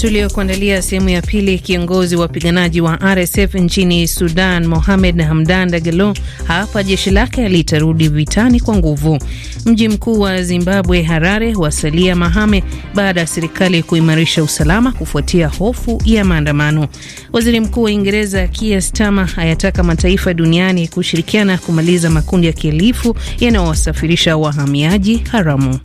tuliyokuandalia sehemu ya pili. Kiongozi wa wapiganaji wa RSF nchini Sudan, Mohamed Hamdan Dagalo, hapa jeshi lake litarudi vitani kwa nguvu. Mji mkuu wa Zimbabwe, Harare, wasalia mahame baada ya serikali kuimarisha usalama kufuatia hofu ya maandamano. Waziri Mkuu wa Uingereza Keir Starmer ayataka mataifa duniani kushirikiana kumaliza makundi ya kielifu yanayowasafirisha wahamiaji haramu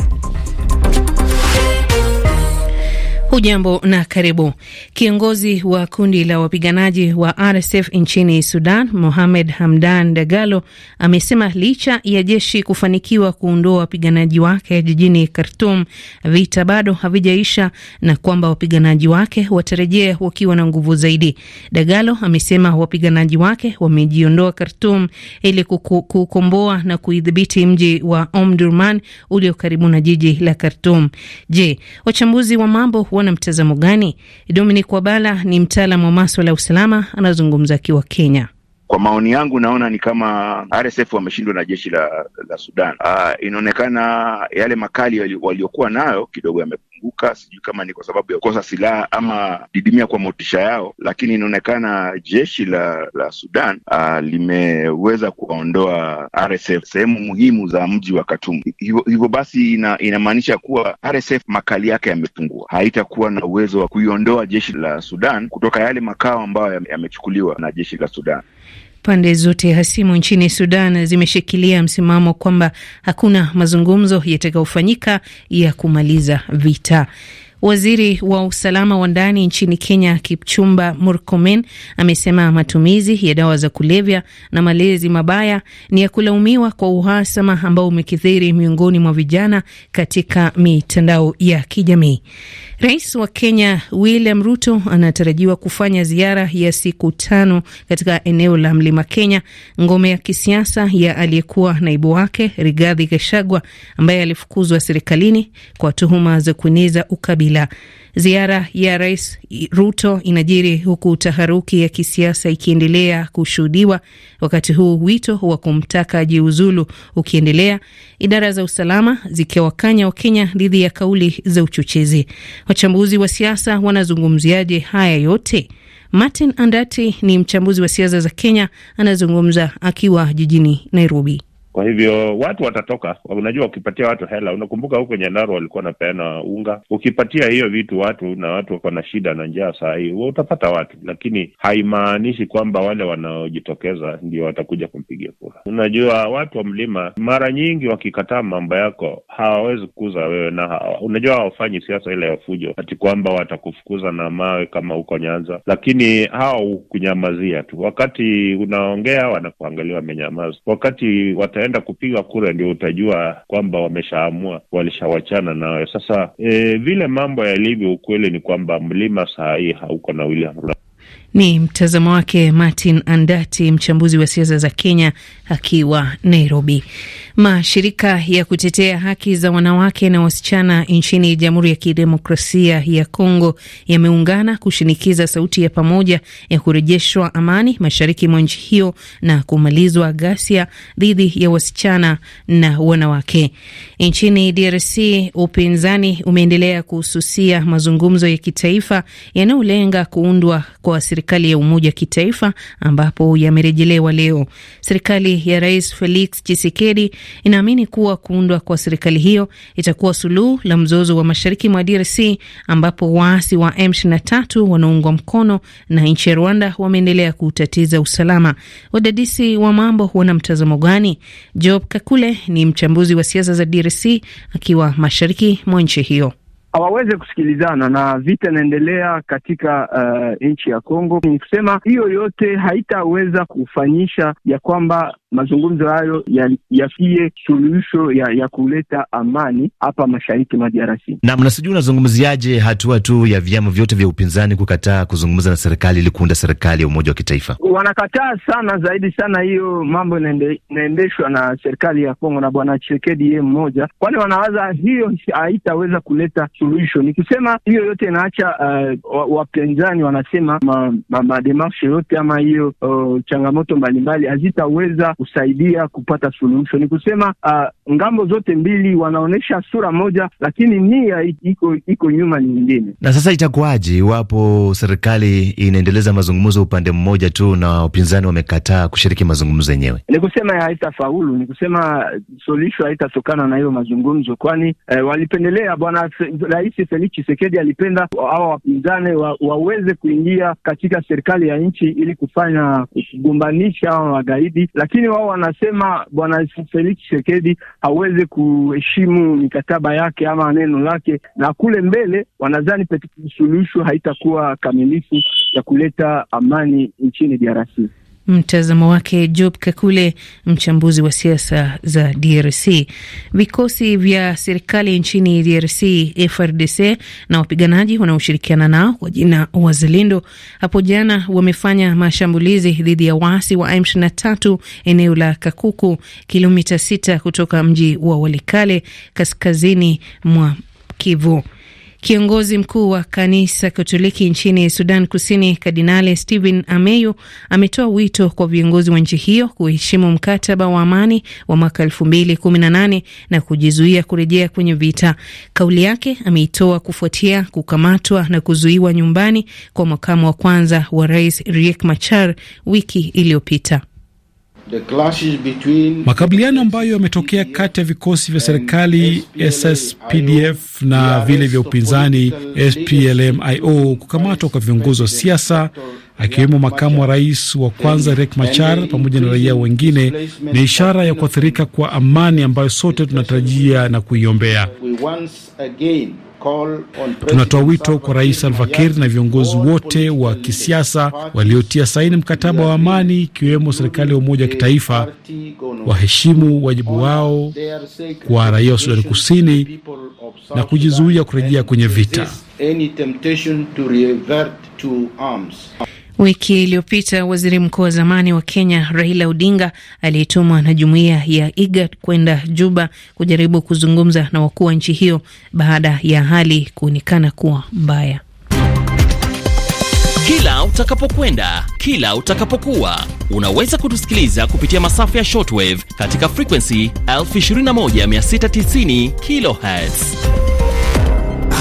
ujambo na karibu. Kiongozi wa kundi la wapiganaji wa RSF nchini Sudan, Mohamed Hamdan Dagalo, amesema licha ya jeshi kufanikiwa kuondoa wapiganaji wake jijini Khartum, vita bado havijaisha na kwamba wapiganaji wake watarejea wakiwa na nguvu zaidi. Dagalo amesema wapiganaji wake wamejiondoa Khartum ili kukomboa na kuidhibiti mji wa Omdurman ulio karibu na jiji la Khartum. Je, wachambuzi wa mambo na mtazamo gani? Dominic Wabala ni mtaalamu wa maswala ya usalama, anazungumza akiwa Kenya. Kwa maoni yangu naona ni kama RSF wameshindwa na jeshi la, la Sudan. Ah, inaonekana yale makali waliokuwa nayo kidogo wameanguka, sijui kama ni kwa sababu ya kukosa silaha ama didimia kwa motisha yao, lakini inaonekana jeshi la la Sudan uh, limeweza kuwaondoa RSF sehemu muhimu za mji wa katumu Hivyo basi ina, inamaanisha kuwa RSF makali yake yamepungua, haitakuwa na uwezo wa kuiondoa jeshi la Sudan kutoka yale makao ambayo yamechukuliwa na jeshi la Sudan. Pande zote hasimu nchini Sudan zimeshikilia msimamo kwamba hakuna mazungumzo yatakayofanyika ya kumaliza vita. Waziri wa usalama wa ndani nchini Kenya Kipchumba Murkomen amesema matumizi ya dawa za kulevya na malezi mabaya ni ya kulaumiwa kwa uhasama ambao umekithiri miongoni mwa vijana katika mitandao ya kijamii. Rais wa Kenya William Ruto anatarajiwa kufanya ziara ya siku tano katika eneo la mlima Kenya, ngome ya kisiasa ya aliyekuwa naibu wake Rigathi Gachagua ambaye alifukuzwa serikalini kwa tuhuma za kueneza ukabila. Raila. Ziara ya Rais Ruto inajiri huku taharuki ya kisiasa ikiendelea kushuhudiwa, wakati huu wito wa kumtaka jiuzulu ukiendelea, idara za usalama zikiwakanya Wakenya dhidi ya kauli za uchochezi. Wachambuzi wa siasa wanazungumziaje haya yote? Martin Andati ni mchambuzi wa siasa za Kenya, anazungumza akiwa jijini Nairobi. Kwa hivyo watu watatoka, unajua, ukipatia watu hela, unakumbuka huko nyandaro walikuwa wanapeana unga. Ukipatia hiyo vitu watu na watu wako na shida na njaa saa hii, utapata watu, lakini haimaanishi kwamba wale wanaojitokeza ndio watakuja kumpigia kura. Unajua, watu wa mlima mara nyingi wakikataa mambo yako hawawezi kukuza wewe na hawa. Unajua, hawafanyi siasa ile ya fujo hati kwamba watakufukuza na mawe kama huko Nyanza, lakini hawa hukunyamazia tu. Wakati unaongea wanakuangalia wamenyamaza, wakati wata wataenda kupiga kura ndio utajua kwamba wameshaamua, walishawachana nayo. Sasa e, vile mambo yalivyo, ukweli ni kwamba mlima saa hii hauko na William Ruto. Ni mtazamo wake Martin Andati, mchambuzi wa siasa za Kenya, akiwa Nairobi. Mashirika ya kutetea haki za wanawake na wasichana nchini Jamhuri ya Kidemokrasia ya Kongo yameungana kushinikiza sauti ya pamoja ya kurejeshwa amani mashariki mwa nchi hiyo na kumalizwa ghasia dhidi ya wasichana na wanawake. Nchini DRC, upinzani umeendelea kuhususia mazungumzo ya kitaifa yanayolenga kuundwa kwa serikali ya umoja kitaifa ambapo yamerejelewa leo. Serikali ya Rais Felix Tshisekedi inaamini kuwa kuundwa kwa serikali hiyo itakuwa suluhu la mzozo wa mashariki mwa DRC ambapo waasi wa M23 wanaungwa mkono na nchi ya Rwanda wameendelea kutatiza usalama. Wadadisi wa mambo wana mtazamo gani? Job Kakule ni mchambuzi wa siasa za DRC akiwa mashariki mwa nchi hiyo hawaweze kusikilizana na vita inaendelea katika uh, nchi ya Kongo. Ni kusema hiyo yote haitaweza kufanyisha ya kwamba mazungumzo hayo ya suluhisho ya, ya kuleta amani hapa mashariki mwa DRC. Naam, na sijui unazungumziaje hatua tu ya vyama vyote vya upinzani kukataa kuzungumza na serikali ili kuunda serikali ya umoja wa kitaifa? Wanakataa sana zaidi sana, hiyo mambo inaendeshwa na serikali ya Kongo na bwana chekedi yeye mmoja, kwani wanawaza hiyo haitaweza kuleta suluhisho. ni kusema hiyo yote inaacha uh, wapinzani wanasema mademarshe ma, ma yote ama hiyo uh, changamoto mbalimbali hazitaweza kusaidia kupata suluhisho. Ni kusema uh, ngambo zote mbili wanaonyesha sura moja, lakini nia iko iko nyuma nyingine. Na sasa itakuwaje iwapo serikali inaendeleza mazungumzo upande mmoja tu na wapinzani wamekataa kushiriki mazungumzo yenyewe? Ni kusema haitafaulu, ni kusema suluhisho haitatokana na hiyo mazungumzo, kwani eh, walipendelea bwana Rais Felix chisekedi alipenda hawa wapinzani wa, waweze kuingia katika serikali ya nchi ili kufanya kugombanisha hawa wagaidi, lakini lakini wao wanasema bwana Felix chisekedi hawezi kuheshimu mikataba yake ama neno lake, na kule mbele wanadhani suluhisho haitakuwa kamilifu ya kuleta amani nchini DRC. Mtazamo wake Job Kakule, mchambuzi wa siasa za DRC. Vikosi vya serikali nchini DRC, FRDC, na wapiganaji wanaoshirikiana nao kwa jina Wazalendo, hapo jana wamefanya mashambulizi dhidi ya waasi wa M23 eneo la Kakuku, kilomita 6 kutoka mji wa Walikale, kaskazini mwa Kivu. Kiongozi mkuu wa kanisa Katoliki nchini Sudan Kusini, Kardinali Stephen Ameyu ametoa wito kwa viongozi wa nchi hiyo kuheshimu mkataba wa amani wa mwaka elfu mbili kumi na nane na kujizuia kurejea kwenye vita. Kauli yake ameitoa kufuatia kukamatwa na kuzuiwa nyumbani kwa makamu wa kwanza wa rais Riek Machar wiki iliyopita makabiliano ambayo yametokea kati ya vikosi vya serikali SSPDF na vile vya upinzani splmio kukamatwa kwa viongozi wa siasa akiwemo makamu wa rais wa kwanza Riek Machar pamoja na raia wengine ni ishara ya kuathirika kwa amani ambayo sote tunatarajia na kuiombea. Tunatoa wito kwa Rais Salva Kiir na viongozi wote wa kisiasa waliotia saini mkataba wa amani, ikiwemo serikali ya umoja wa kitaifa, waheshimu wajibu wao kwa raia wa Sudani Kusini na kujizuia kurejea kwenye vita. Wiki iliyopita waziri mkuu wa zamani wa Kenya Raila Odinga aliyetumwa na jumuiya ya IGAD kwenda Juba kujaribu kuzungumza na wakuu wa nchi hiyo baada ya hali kuonekana kuwa mbaya. Kila utakapokwenda, kila utakapokuwa, unaweza kutusikiliza kupitia masafa ya shortwave katika frequency 21690 kilohertz.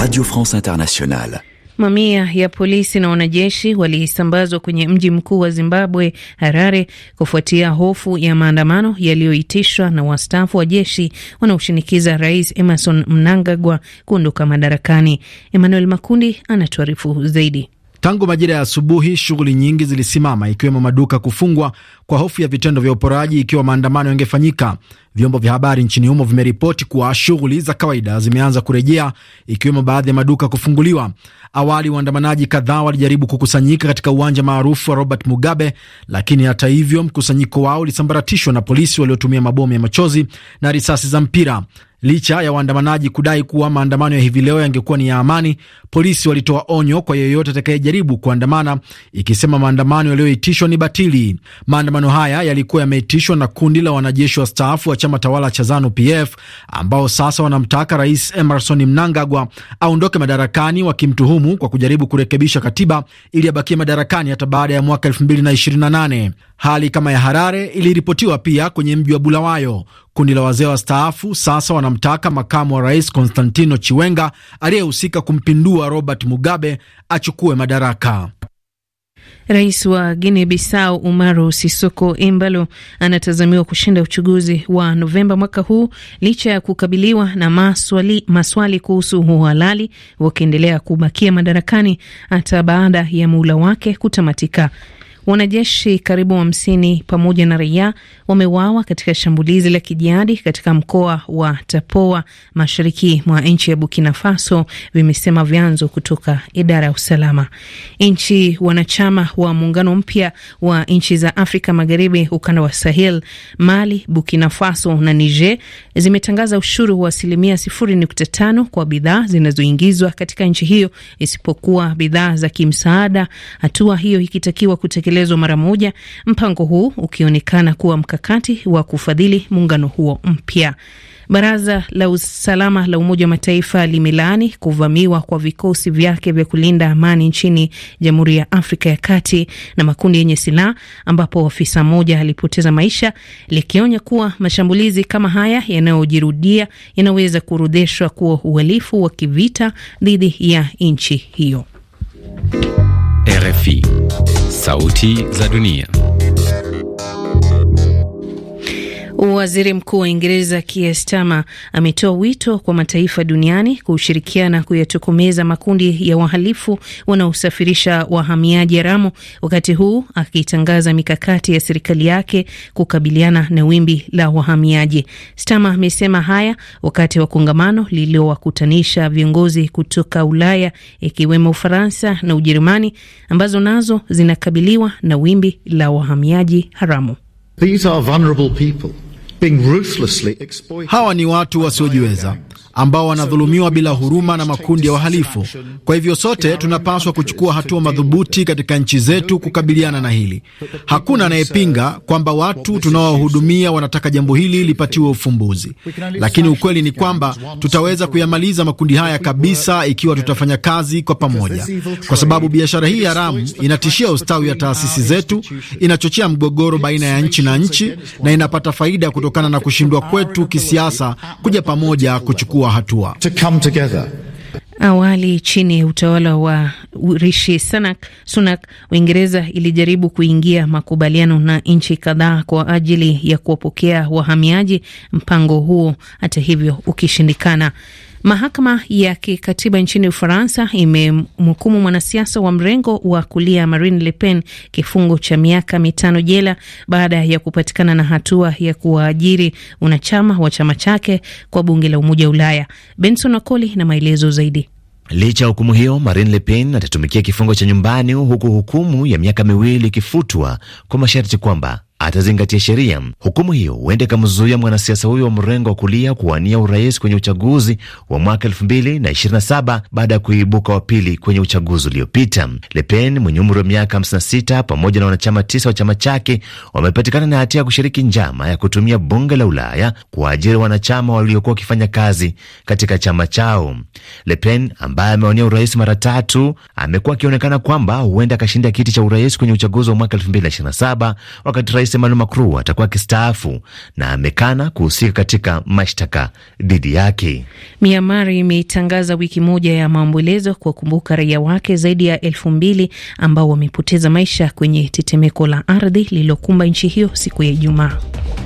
Radio France Internationale. Mamia ya polisi na wanajeshi walisambazwa kwenye mji mkuu wa Zimbabwe, Harare, kufuatia hofu ya maandamano yaliyoitishwa na wastaafu wa jeshi wanaoshinikiza Rais Emerson Mnangagwa kuondoka madarakani. Emmanuel Makundi anatuarifu zaidi. Tangu majira ya asubuhi, shughuli nyingi zilisimama, ikiwemo maduka kufungwa kwa hofu ya vitendo vya uporaji ikiwa maandamano yangefanyika. Vyombo vya habari nchini humo vimeripoti kuwa shughuli za kawaida zimeanza kurejea, ikiwemo baadhi ya maduka kufunguliwa. Awali waandamanaji kadhaa walijaribu kukusanyika katika uwanja maarufu wa Robert Mugabe, lakini hata hivyo mkusanyiko wao ulisambaratishwa na polisi waliotumia mabomu ya machozi na risasi za mpira. Licha ya waandamanaji kudai kuwa maandamano ya hivi leo yangekuwa ni ya amani, polisi walitoa onyo kwa yeyote atakayejaribu kuandamana, ikisema maandamano yaliyoitishwa ni batili. Maandamano haya yalikuwa yameitishwa na kundi la wanajeshi wa staafu wa chama tawala cha Zanu-PF ambao sasa wanamtaka Rais Emerson Mnangagwa aondoke madarakani, wakimtuhumu kwa kujaribu kurekebisha katiba ili abakie madarakani hata baada ya mwaka 2028. Hali kama ya Harare iliripotiwa pia kwenye mji wa Bulawayo. Kundi la wazee wa staafu sasa wanamtaka makamu wa rais Konstantino Chiwenga aliyehusika kumpindua Robert Mugabe achukue madaraka. Rais wa guine Bissau Umaro Sisoko Embalo anatazamiwa kushinda uchaguzi wa Novemba mwaka huu licha ya kukabiliwa na maswali, maswali kuhusu uhalali wakiendelea kubakia madarakani hata baada ya muula wake kutamatika. Wanajeshi karibu hamsini wa pamoja na raia wameuawa katika shambulizi la kijadi katika mkoa wa Tapoa mashariki mwa nchi ya Burkina Faso, vimesema vyanzo kutoka idara ya usalama. Nchi wanachama wa muungano mpya wa nchi za Afrika Magharibi, ukanda wa Sahel, Mali, Burkina Faso na Niger zimetangaza ushuru wa asilimia sifuri nukta tano kwa bidhaa zinazoingizwa katika nchi hiyo isipokuwa bidhaa za kimsaada, hatua hiyo ikitakiwa kutekelezwa kutekelezwa mara moja, mpango huu ukionekana kuwa mkakati wa kufadhili muungano huo mpya. Baraza la Usalama la Umoja wa Mataifa limelaani kuvamiwa kwa vikosi vyake vya kulinda amani nchini Jamhuri ya Afrika ya Kati na makundi yenye silaha, ambapo afisa mmoja alipoteza maisha, likionya kuwa mashambulizi kama haya yanayojirudia yanaweza kurudheshwa kuwa uhalifu wa kivita dhidi ya nchi hiyo. RFI, sauti za dunia. Waziri Mkuu wa Uingereza Keir Starmer ametoa wito kwa mataifa duniani kushirikiana kuyatokomeza makundi ya wahalifu wanaosafirisha wahamiaji haramu, wakati huu akitangaza mikakati ya serikali yake kukabiliana na wimbi la wahamiaji. Starmer amesema haya wakati wa kongamano lililowakutanisha viongozi kutoka Ulaya ikiwemo Ufaransa na Ujerumani ambazo nazo zinakabiliwa na wimbi la wahamiaji haramu. These are vulnerable people. Hawa ni watu wasiojiweza ambao wanadhulumiwa bila huruma na makundi ya wahalifu. Kwa hivyo sote tunapaswa kuchukua hatua madhubuti katika nchi zetu kukabiliana na hili. Hakuna anayepinga kwamba watu tunaowahudumia wanataka jambo hili lipatiwe ufumbuzi, lakini ukweli ni kwamba tutaweza kuyamaliza makundi haya kabisa ikiwa tutafanya kazi kwa pamoja, kwa sababu biashara hii haramu inatishia ustawi wa taasisi zetu, inachochea mgogoro baina ya nchi na nchi, na inapata faida kutokana na kushindwa kwetu kisiasa kuja pamoja kuchukua kuchukua hatua to come together. Awali chini ya utawala wa Rishi Sunak, Uingereza ilijaribu kuingia makubaliano na nchi kadhaa kwa ajili ya kuwapokea wahamiaji, mpango huo hata hivyo ukishindikana. Mahakama ya kikatiba nchini Ufaransa imemhukumu mwanasiasa wa mrengo wa kulia Marine Le Pen kifungo cha miaka mitano jela baada ya kupatikana na hatua ya kuwaajiri wanachama wa chama chake kwa bunge la Umoja wa Ulaya. Benson Wakoli na maelezo zaidi. Licha ya hukumu hiyo, Marine Le Pen atatumikia kifungo cha nyumbani huku hukumu ya miaka miwili ikifutwa kwa masharti kwamba atazingatia sheria. Hukumu hiyo huenda ikamzuia mwanasiasa huyo wa mrengo wa kulia kuwania urais kwenye uchaguzi wa mwaka elfu mbili na ishirini na saba baada ya kuibuka wa pili kwenye uchaguzi uliopita. Lepen mwenye umri wa miaka 56 pamoja na wanachama tisa wa chama chake wamepatikana na hatia ya kushiriki njama ya kutumia bunge la Ulaya kuwaajiri wanachama waliokuwa wakifanya kazi katika chama chao. Lepen ambaye amewania urais mara tatu amekuwa akionekana kwamba huenda akashinda kiti cha urais kwenye uchaguzi wa mwaka elfu mbili na ishirini na saba wakati Rais Emmanuel Macron atakuwa akistaafu na amekana kuhusika katika mashtaka dhidi yake. Myanmar imetangaza wiki moja ya maombolezo kuwakumbuka raia wake zaidi ya elfu mbili ambao wamepoteza maisha kwenye tetemeko la ardhi lililokumba nchi hiyo siku ya Ijumaa.